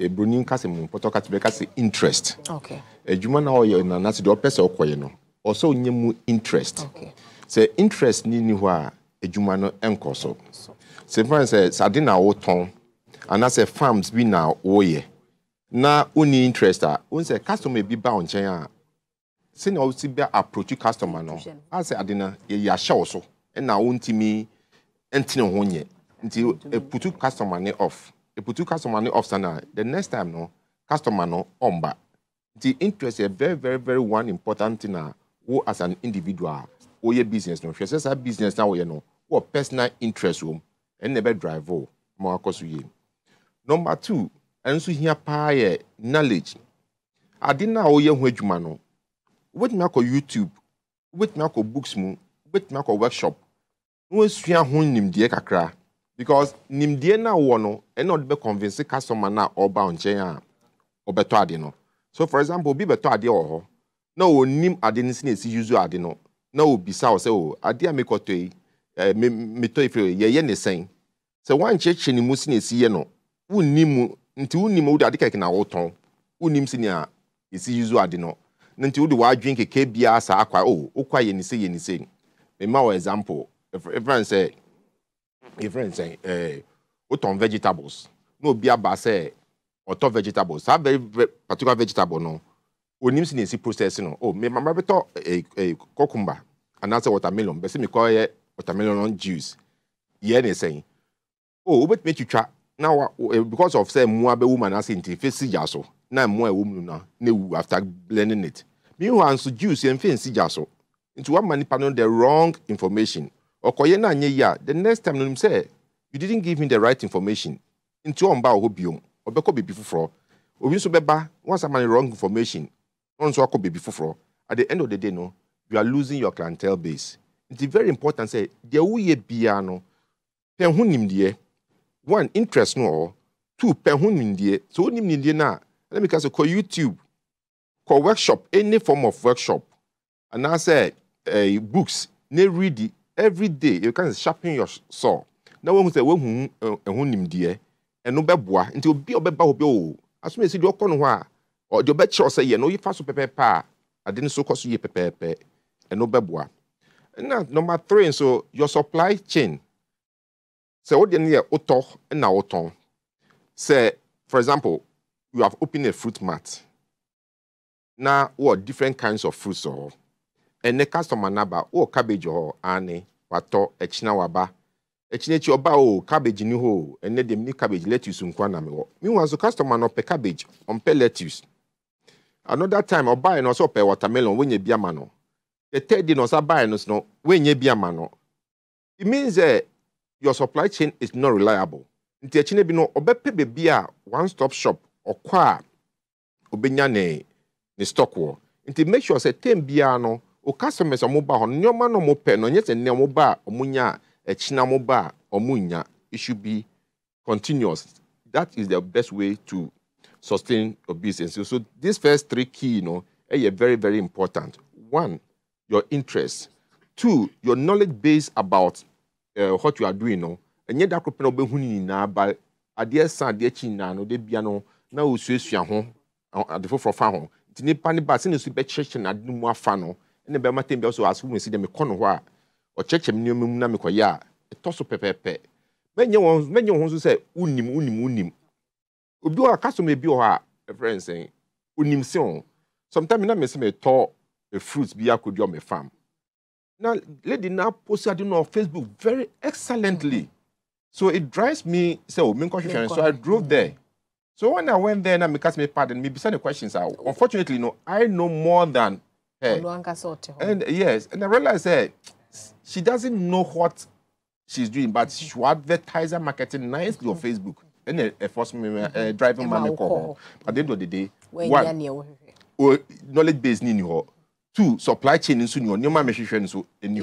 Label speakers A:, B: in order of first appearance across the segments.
A: ebroni nkasi mu pɔtɔ kati bɛ kasi interest edwuma na ɔyɛ na nasi do ɔpɛ sɛ ɔkɔyɛ no ɔsɛ onye mu interest sɛ interest ni ni hɔ a edwuma no nkɔ so sɛ fɛn sɛ sadi na ɔtɔn anaasɛ farms bi na ɔyɛ na ɔni interest a ɔn customer bi ba ɔnkyɛn a sɛnea ɔsi bɛ approach customer no asɛ adi na yɛ ahyɛ wɔ so ɛna ɔntumi ntene ho nyɛ nti eputu customer ne off ɛputu customer no officer no a the next time no customer no ɔmba The interest yɛ very very very one important thing a wo as an individual woyɛ business no hwɛ sɛ saa business na woyɛ no wɔ personal interest wɔm ɛnna ɛbɛ drive o ma wakɔ so yie number two ɛnso hia pa yɛ knowledge ade no a woyɛ ho adwuma no wobɛtumi akɔ youtube wobɛtumi akɔ books mu wobɛtumi akɔ workshop na wɔasua ho nimdeɛ kakra because nimdeɛ no a wɔ no ɛna ɔde bɛconvince customer na a ɔba nkyɛn a ɔbɛtɔ ade no so for example obi bɛtɔ ade wɔ hɔ na ɔnim ade no si na esi use ade no na ɔbisa wo sɛ o oh, ade a mekɔtɔ yi metɔ ifiri yɛyɛ ne sɛn sɛ woankyerɛkyerɛ ne mu si na ɛsi yɛ no wonni mu nti wonni mu wode ade kɛkɛ na wotɔn wonni mu si na esi use ade no na nti wode w'adwene kɛkɛ biara saa akwa o oh, wokɔ yɛ ne sɛ yɛ ne sɛ mema wɔ example efiri nsɛn ɛɛ wotɔn vegetables No, obi aba sɛ ɔtɔ vegetables That very particular vegetable no O onim si ni si process no o oh, mɛ mama bi tɔ ɛɛ ɛɛ cucumber anaasɛ watermelon bɛsi mi kɔ yɛ watermelon juice yɛ ne sɛn o wobɛtumi twitwa na wa eh, because of say mmoa bɛwɔ mu anaasɛ nti fi si gya so na mmoa ɛwɔ mu no na ewu after blending it meanwhile nso juice yɛn fi si gya so nti wama nipa no the wrong information ɔkɔyɛ no anyɛ yi a the next time nonim sɛ you didn't give me the right information nti ɔmba wɔ hɔ biom ɔbɛkɔ baabi foforɔ obi nso bɛba once ama ne wrong information ɔno nso akɔ baabi foforɔ at the end of the day no you are losing your clientele base nti very important sɛ deɛ woyɛ biara no pɛn ho nimdeɛ one interest no wɔ two pɛn ho nimdeɛ so wonim nimdeɛ no a let me ka sɛ kɔ youtube kɔ workshop any form of workshop anaasɛ eh, books na read every day you can sharpen your saw na wɔn sɛ wɔn ɛho eh, eh, nimdeɛ ɛno eh, bɛboa nti obi a ɔbɛba hɔ bi o asome esi deɛ ɔkɔ no hɔ a ɔde ɔbɛkyerɛ ɔsɛ yɛ na oyi fa so pɛpɛɛpɛ a ade no so kɔ so yie pɛpɛɛpɛ ɛno bɛboa na number three nso your supply chain sɛ wɔde no yɛ wotɔ na wotɔn sɛ for example you have opened a fruit mart na wɔ different kinds of fruits wɔ hɔ ɛnɛ customer naba wɔ cabbage wɔ hɔ ani watɔ ɛkyina waba ɛkyina akyi ɔbaa o cabbage ni hɔ o ɛnɛ deɛ mini cabbage lettuce nko na mewɔ meanwhile so customer no ɔpɛ cabbage ɔmpɛ lettuce another time ɔbaa no ɔsɛ ɔpɛ watermelon wɔnyɛ bi ama no the third day na ɔsɛ baa no no wɔnyɛ bi ama no it means that your supply chain is not reliable nti akyina bi no ɔbɛpɛ beebi a one stop shop ɔkɔ a obenya ne ne stock wɔ nti make sure sɛ term biara no o customers ɔmo ba hɔ no nneɛma no ɔmo pɛ no ɔnyɛ sɛ nneɛma ɔmo ba a nya a ɛkyina ba a nya it should be continuous that is the best way to sustain your business so, so these first three key you know eh, are very very important one your interest two your knowledge base about uh, what you are doing you no know? ɛnyɛ da koro pɛ na ɔbɛhu ne nyinaa ba adeɛ san adeɛ akyi nyinaa no de bia no na osuasua ho ade foforɔ fa ho nti nipa ne ba sɛ ne so bɛkyerɛkyerɛ n'ade mu afa no ne bɛrima tem bia so asome si dɛ mekɔ no hɔ a ɔkyerɛkyerɛ nneɛma mu na mekɔyɛ a ɛtɔ so pɛpɛɛpɛ mɛnyɛ wɔn mɛnyɛ wɔn nso sɛ wonim wonim wonim obi wɔ a customer bi wɔ hɔ a ɛfrɛ nsɛn onim se ho sometimes na mesi metɔ fruits bi akɔdua me farm na lady na post ade no on facebook very excellently so it drives me sɛ o oh, nkɔ hwehwɛ so i drove there. So when I went there and I me pardon, me beside the questions, I, unfortunately, no, I know more than And yes, and I realized that she doesn't know what she's doing, but she should advertise her marketing nicely mm on Facebook. And a first me uh, driving mm -hmm. call. At the end of the day, one, oh, knowledge base ni ni Two, supply chain nso ni ho. Nneema mehwehwɛ nso ni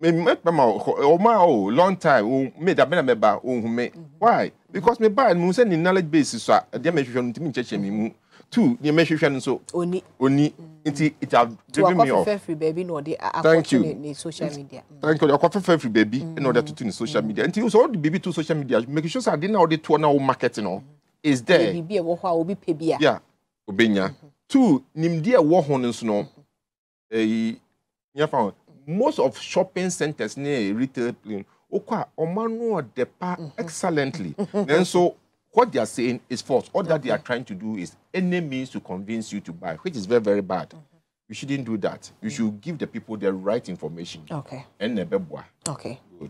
A: me mekpa ma ọma o long time o um, me dabe na meba ohun me um, mm-hmm. why because me baa mu sẹ ni knowledge base so ah, a ẹdiẹ mẹ hwehwẹ no ntumi nkyẹkyẹ mi mu two ni mẹ hwehwẹ no nso oni oni mm. nti it have driven me off baby. No, na ọdi akọkọ ni social media mm. thank you ọkọ fẹfẹ fẹfẹ bẹẹbi na ọdi atutu ni social mm. media nti o all the baby to social media make sure say adi na ọdi toọ na o market no mm-hmm. is there ebi bi ẹwọ hɔ obi pe bi yeah obenya mm-hmm. two nimdi ẹwọ hɔ no so no Eh, yẹn fa most of shopping centers near retail plane okɔ a ɔmo ano ɔdɛ pa mm-hmm. excellently mm-hmm. mm-hmm. nanso what they are saying is false all that they are trying to do is any means to convince you to buy which is very very bad. You shouldn't do that. You should give the people the right information. Okay. And never Okay. Good.